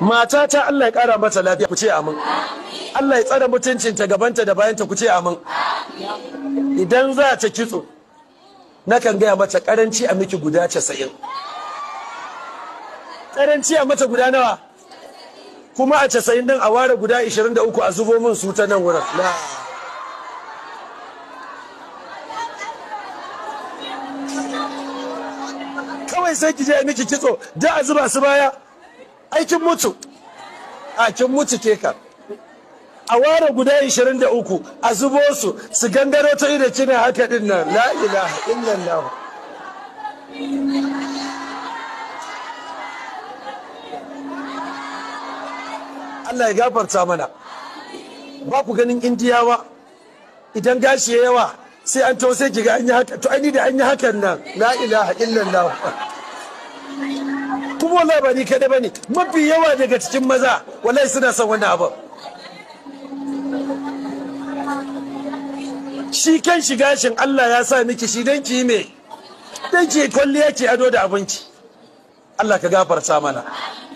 mata ta Allah ya kara mata lafiya ku ce amin Allah ya tsare mutuncinta gabanta da bayanta ku ce amin idan za ta kitso nakan gaya mata karanci a miki guda casa'in karanci a mata guda nawa kuma a casa'in din a ware guda 23 a zubo min su ta nan wurin kawai sai ki je miki kitso da a zuba su baya ai kin mutu a kin mutu ke ka a ware guda 23 a zubo su su gangaro ta ida kina haka din nan la ilaha illallah Allah ya gafarta mana ba ku ganin indiyawa idan gashi yawa sai an to sai kiga an yi haka to ai ni da an yi hakan nan la ilaha illallah kuma labari ba bane mafi yawa daga cikin maza wallahi suna son wannan abin shi kan shi gashin Allah ya sa miki shi dan ki me dan ki kwalliya ki ado da abinci Allah ka gafarta mana